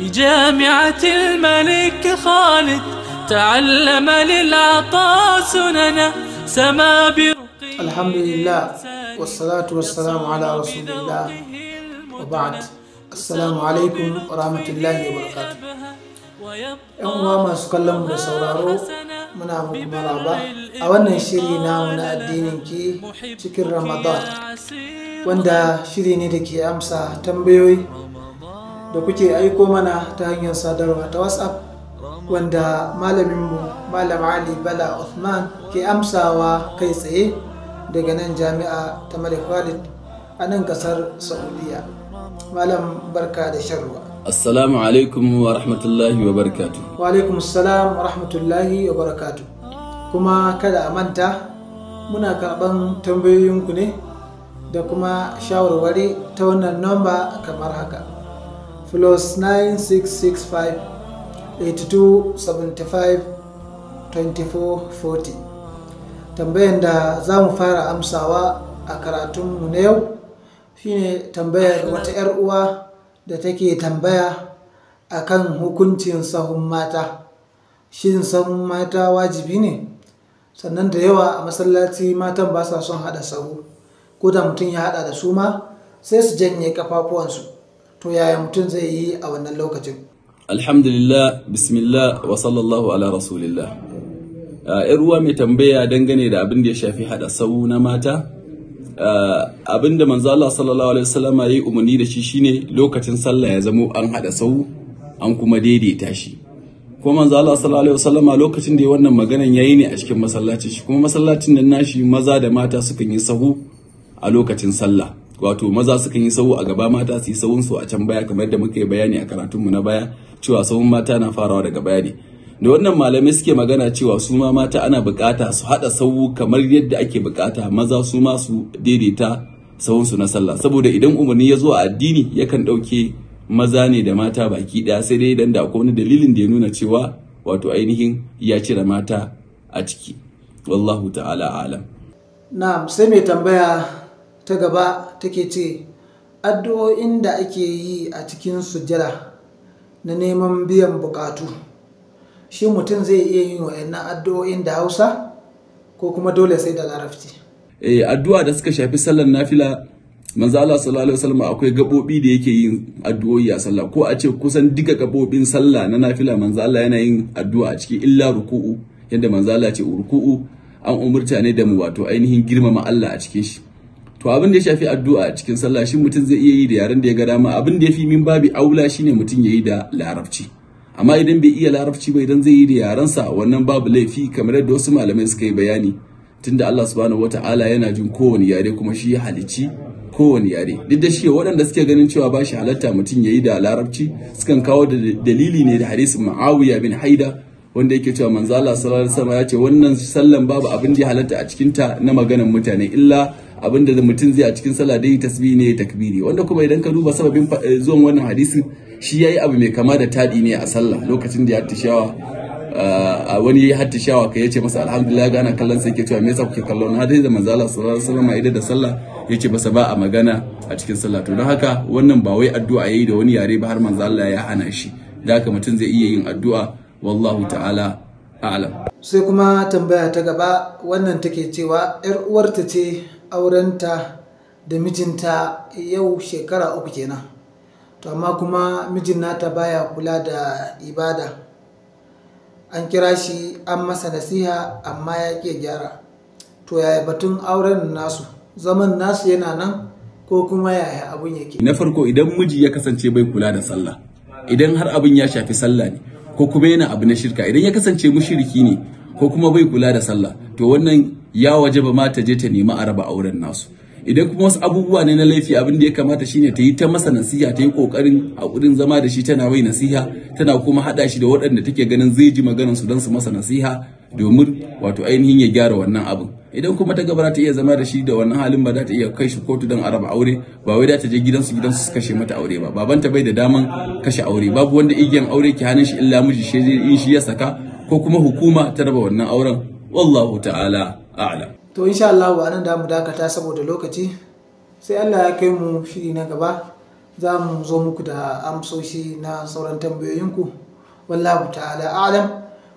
بجامعة الملك خالد تعلم للعطاء سننا سما برقي الحمد لله والصلاة والسلام على رسول الله وبعد السلام عليكم ورحمة الله وبركاته يوم ما ما سكلم بسورارو من أبو مرابا أولا شيري نامنا الدين كي شكر رمضان وندا شيري ندكي أمسا تنبيوي da kuke aiko mana ta hanyar sadarwa ta whatsapp wanda malaminmu malam ali bala Uthman ke amsawa kai tsaye daga nan jami'a ta malik walid a nan kasar saudiya malam barka da sharwa assalamu alaikum wa rahmatullahi wa barakatu wa alaikum assalam wa rahmatullahi wa barakatu kuma kada a manta muna karɓan tambayoyinku ne da kuma shawarwari ta wannan nomba kamar haka plus 9665 8275 2440 tambayan da zamu fara amsawa a karatunmu na yau shine tambayar wata 'yar uwa da take tambaya a kan hukuncin sahun mata shin sahun mata wajibi ne sannan da yawa a masallaci matan ba sa son hada sahu ko da mutum ya hada da su ma sai su janye kafafuwansu to yaya mutum zai yi a wannan lokacin alhamdulillah bismillah wa sallallahu ala rasulillah a ruwa mai tambaya dangane da abin da ya shafi hada sau na mata abin da manzo Allah sallallahu alaihi wasallama yi umarni da shi shine lokacin sallah ya zamo an hada sau an kuma daidaita shi kuma manzo Allah sallallahu alaihi wasallama lokacin da ya wannan maganan yayi ne a cikin masallacin shi kuma masallacin nan nashi maza da mata sukan yi sahu a lokacin sallah wato maza sukan yi sawu a gaba mata su yi sawun su a can baya kamar da muka yi bayani a karatunmu na baya cewa sawun mata na farawa daga baya ne da wannan malamai suke magana cewa su ma mata ana bukata su hada sawu kamar yadda ake bukata maza su ma su daidaita sawun su na sallah saboda idan umarni ya zo a addini yakan dauke maza ne da mata baki daya sai dai idan da akwai wani dalilin da ya nuna cewa wato ainihin ya cire mata a ciki wallahu ta'ala alam na sai mai tambaya ta gaba take ce addu'o'in da ake yi a cikin sujjada na neman biyan bukatu shi mutum zai iya yin wa'annan addu'o'in da hausa ko kuma dole sai da larabci eh addu'a da suka shafi sallar nafila manzo Allah sallallahu alaihi akwai gabobi da yake yin addu'o'i a sallah ko a ce kusan duka gabobin sallah na nafila manzo yana yin addu'a a ciki illa ruku'u yadda manzo Allah ce ruku'u an umurta ne da mu wato ainihin girmama Allah a cikin shi to abin da ya shafi addu'a cikin sallah shi mutum zai iya yi da yaren da ya ga dama abin da ya fi min babi aula shine mutum ya yi da larabci amma idan bai iya larabci ba idan zai yi da yarensa wannan babu laifi kamar yadda wasu malamai suka yi bayani tunda Allah subhanahu wataala yana jin kowane yare kuma shi ya halicci kowane yare duk da shi waɗanda suke ganin cewa ba shi halatta mutum ya yi da larabci sukan kawo da dalili ne da hadisin ma'awiya bin haida wanda yake cewa manzo Allah sallallahu alaihi wasallam ya ce wannan sallan babu abin da ya halatta a cikinta na maganan mutane illa abinda mutum zai a cikin sallah dai tasbihi ne takbiri wanda kuma idan ka duba sababin eh, zuwan wannan hadisi shi yayi abu mai kama da tadi ne a sallah lokacin da ya tishawa a ah, ah, wani yayi shawa kai yace masa alhamdulillah ga ana kallon sai yake cewa me yasa kuke kallon har dai da manzala sallallahu alaihi wasallam idan da sallah yace basa ba a magana a cikin sallah to don haka wannan ba wai addu'a yayi da wani yare ba har manzo ya hana shi da haka mutum zai iya yin addu'a wallahu ta'ala alam sai kuma tambaya ta gaba wannan take cewa yar uwarta ce aurenta da mijinta yau shekara uku kenan to amma kuma mijin nata baya kula da ibada an kira shi an masa nasiha amma ya ke gyara to yaya batun auren nasu zaman nasu yana nan ko kuma yaya abun yake na farko idan miji ya kasance bai kula da sallah idan har abin ya shafi sallah ne ko kuma yana abu na shirka idan ya kasance mushriki ne ko kuma bai kula da sallah to wannan ya waje ba ta je ta nemi a raba auren nasu idan kuma wasu abubuwa ne na laifi abin da ya kamata shine ta yi ta masa nasiha ta yi kokarin hakurin zama da shi tana mai nasiha tana kuma hada shi da waɗanda take ganin zai ji maganar su don su masa nasiha domin wato ainihin ya gyara wannan abin idan kuma ta gaba ta iya zama da shi da wannan halin ba za ta iya kai shi kotu don araba aure ba wai za ta je gidansu gidansu su kashe mata aure ba babanta bai da daman kashe aure babu wanda igiyan aure ke hannun shi illa miji shi in shi ya saka ko kuma hukuma ta raba wannan auren wallahu ta'ala a'la to insha Allah ba nan da mu dakata saboda lokaci sai Allah ya kai mu shiri na gaba za mu zo muku da amsoshi na sauran tambayoyinku wallahu ta'ala a'lam